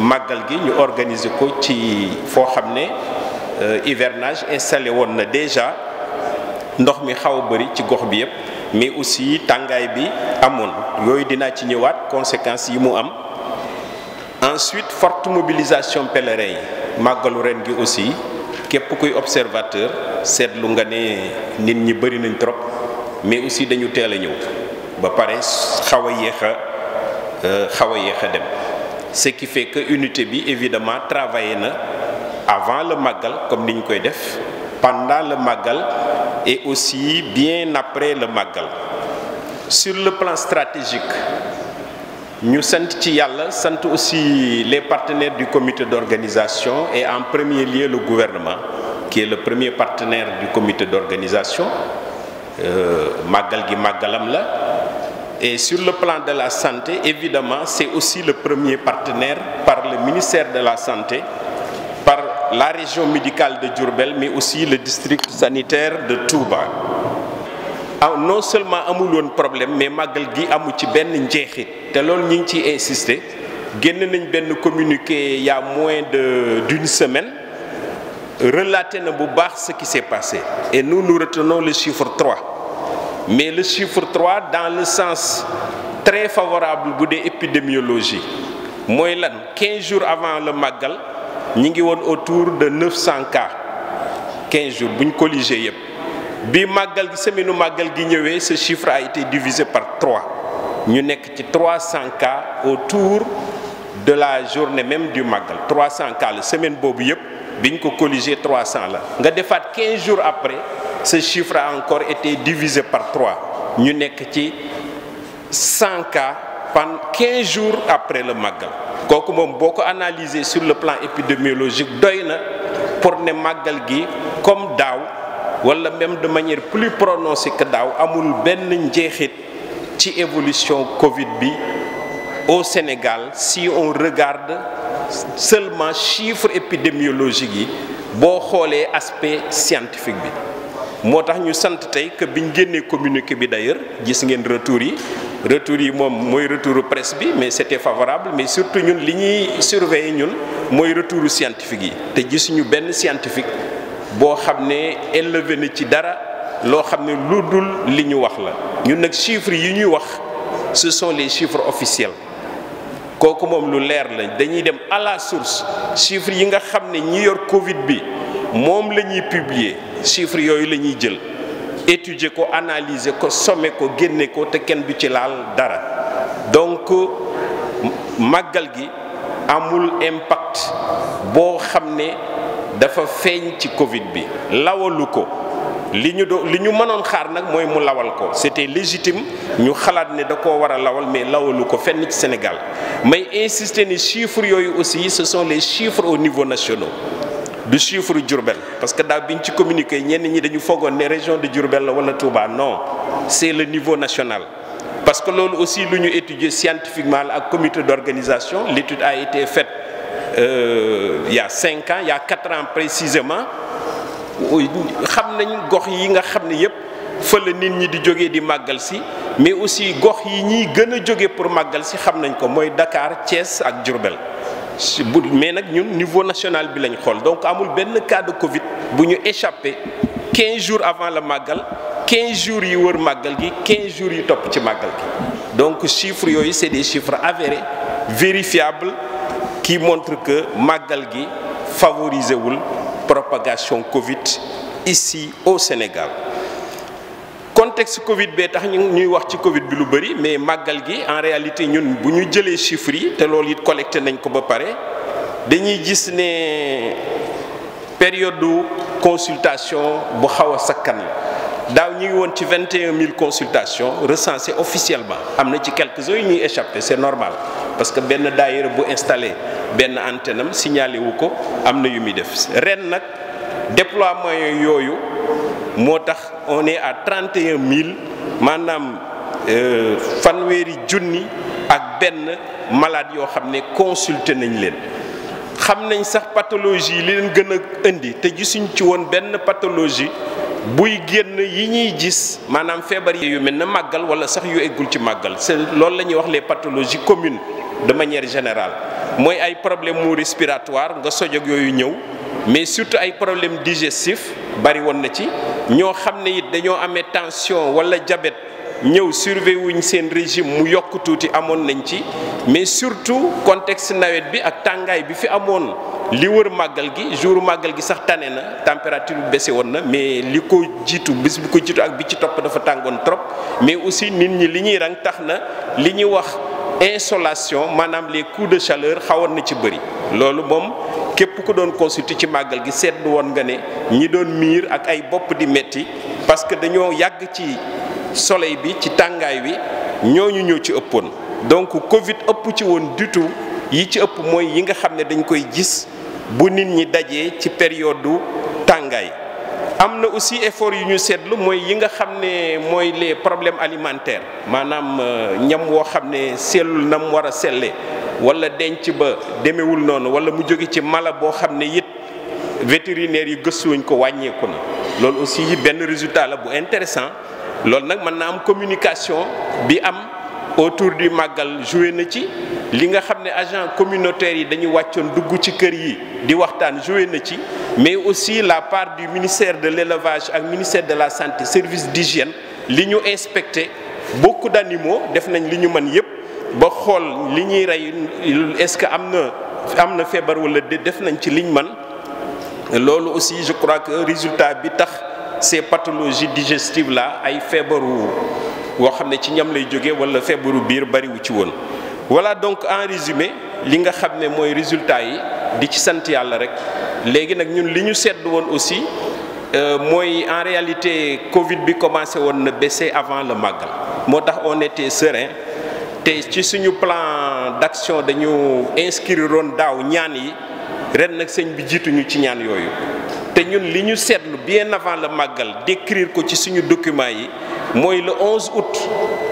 màggal gi ñu organiser ko ci foo xam ne euh, hivernage installé woon na déjà ndox mi xaw a bëri ci gox bi yëpp mais aussi tàngaay bi amoon yooyu dinaa ci ñëwaat conséquences yi mu am ensuite forte mobilisation pèlerin yi màggalu ren gi aussi képp kuy observateur seetlu nga ne nit ñi bëri nañ trop mais aussi dañu teel a ñëw ba pare xaw a yéex a euh, xaw a yéex a dem ce qui fait que unité bi évidemment travaillé na avant le màggal comme ni ñu koy def pendant le màggal et aussi bien après le màggal sur le plan stratégique ñu sant ci yàlla sant aussi les partenaires du comité d'organisation et en premier lieu le gouvernement qui est le premier partenaire du comité d'organisation euh, màggal gi màggalam la Et sur le plan de la santé, évidemment, c'est aussi le premier partenaire par le ministère de la Santé, par la région médicale de Djurbel, mais aussi le district sanitaire de Touba. Ah, non seulement amul woon problème mais màggal gi amu ci benn njeexit te loolu ñu ngi ciy insister génn nañ benn communiqué il y a moins de d'une semaine relaté na bu baax ce qui s'est passé et nous nous retenons le chiffre mais le chiffre 3 dans le sens très favorable bu dee épidémiologie mooy lan 15 jours avant la màggal ñi ngi woon autour de 900 cas 15 jours bu ñu colligé yëpp bi màggal gi semaine màggal gi ñëwee ce chiffre a été divisé par trois ñu nekk ci trois 300 cas autour de la journée même du màggal 300 cas la semaine boobu yëpp bi ñu ko trois 300 la nga defaat 15 jours après. ce chiffre a encore été divisé par trois ñu nekk ci cent cas pendant jours après le maggal kooku moom boo ko analyser sur le plan épidémiologique doy na pour ne màggal gi comme daaw wala même de manière plus prononcée que daaw amul benn njeexit ci évolution Covid bi au Sénégal si on regarde seulement chiffre épidémiologique yi boo xoolee aspect scientifique bi moo tax ñu sant tey bi ñu génnee communiqué bi d'ailleurs gis ngeen retour yi retour yi moom mooy retour presse bi mais c'était favorable mais surtout ñun li ñuy surveiller ñun mooy retouru scientifique yi te gisuñu benn scientifique boo xam ne élevé na ci dara loo xam ne lu dul li ñu wax la ñun nag chiffres yi ñuy wax ce sont les chiffres officiels kooku moom lu leer la dañuy dem à la source chiffres yi nga xam ne ñi yor Covid bi moom la ñuy publier chiffres yooyu la ñuy jël étudier ko analyser ko sommer ko génne ko te kenn du ci laal dara donc màggal gi amul impact boo xam ne dafa feeñ ci Covid bi lawalu ko li ñu do li ñu mënoon xaar nag mooy mu lawal ko c'était légitime ñu xalaat ne da koo war a lawal mais lawalu ko fenn ci Sénégal may insister ni chiffres yooyu aussi ce sont les chiffres au niveau national. du chiffre Diourbel parce que daaw bi ñu ci communiqué ñenn ñi dañu foogoon ne région de Diourbel la wala Touba non c'est le niveau national. parce que loolu aussi lu ñu étudier scientifiquement la ak comité d'organisation l'étude a été faite euh, il y cinq ans il y a quatre ans précisément xam nañ gox yi nga xam ne yépp fa nit ñi di jógee di màggal si mais aussi gox yi ñiy gën a jóge pour màggal si xam nañ ko mooy Dakar Thiès ak Diourbel. si mais nag ñun niveau national bi lañ xool donc amul benn cas de Covid bu ñu échappé quinze jours avant la màggal quinze jours yi wër màggal gi quinze jours yi topp ci màggal gi donc chiffres yooyu c'est des chiffres avérés vérifiables qui montre que màggal gi favorisé wul propagation Covid ici au Sénégal. contexte Covid bee tax ñu ñuy wax ci Covid bi lu bëri mais màggal gi en réalité ñun bu ñu jëlee chiffres yi te loolu it collecté nañ ko ba pare dañuy gis ne période de consultation bu xaw a sakkan la daaw ñuy woon ci 21000 consultations recensées officiellement am na ci quelque uns yu ñuy échappé c'est normal parce que benn daayira bu installé benn antenne am signalé ko am na yu muy def ren nag déploiement yooyu. moo tax on est à 31 000 maanaam euh, fanweeri junni ak benn malade yoo xam ne consulté nañ leen xam nañ sax pathologie yi li leen gën a indi te gisuñ ci woon benn pathologie buy génn yi ñuy gis maanaam feebar yi yu mel na màggal wala sax yu eggul ci màggal c'est lool la ñuy wax les pathologies communes de manière général mooy ay problème mu respiratoire nga sojog yooyu ñëw mais surtout ay problème digestif bari woon na ci ñoo xam ne it dañoo amee tension wala jabet ñëw surveiller wuñ seen régime mu yokk tuuti amoon nañ ci mais surtout contexte nawet bi ak tàngaay bi fi amoon li wër màggal gi jour màggal gi sax tane na température bi baissé woon na mais li ko jiitu bis bi ko jiitu ak bi ci topp dafa tàngoon trop mais aussi nit ñi li ñuy rang tax na li ñuy wax insolation maanaam les coups de chaleur xawoon na ci bëri loolu moom képp ku doon consulté ci màggal gi seetlu woon nga ne ñi doon miir ak ay bopp di metti parce que dañoo yàgg ci soleil bi ci tàngaay wi ñooñu ñëw ci ëppoon donc Covid ëpp ci woon du yi ci ëpp mooy yi nga xam ne dañ koy gis bu nit ñi dajee ci période du tàngaay am na aussi effort yu ñu seetlu mooy yi nga xam ne mooy les problèmes alimentaires maanaam euh, ñam woo xam ne sellul na mu war a selle wala denc ba demewul noonu wala mu jóge ci mala boo xam ne it vétérinaire yi gëstuwuñ ko wàññeeku na loolu aussi benn résultat la bu intéressant loolu nag mën naa am communication bi am autour du màggal joué na ci li nga xam ne agent communautaire yi dañu wàccoon dugg ci kër yi di waxtaan joué na ci mais aussi la part du ministère de l'élevage ak ministère de la santé service d'hygiène li ñu inspecté beaucoup d'animaux def nañ li ñu man yépp ba xool li ñuy rey est-ce que am na am na feebar wala de def nañ ci liñ man loolu aussi je crois que résultat bi tax ces pathologies digestives là ay feebaru woo xam ne ci ñam lay jóge wala feebaru biir bariwu ci woon voilà donc en résumé li nga xam ne mooy résultat yi di ci sant yàlla rek léegi nag ñun li ñu sedd woon aussi euh, mooy en réalité Covid bi commencé woon na baisser avant le màggal moo tax on était serein te ci suñu plan d'action dañu inscrire woon daaw ñaan yi ren nag sëñ bi jiituñu ci ñaan yooyu te ñun li ñu seetlu bien avant la màggal décrire ko ci suñu document yi mooy le 11 août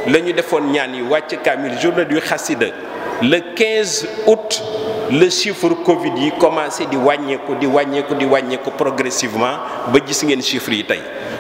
la ñu defoon ñaan yi wàcc kaamil journée du xasida le 15 août le chiffre Covid yi commencé di wàññeeku di wàññeeku di wàññeeku progressivement ba gis ngeen chiffre yi tey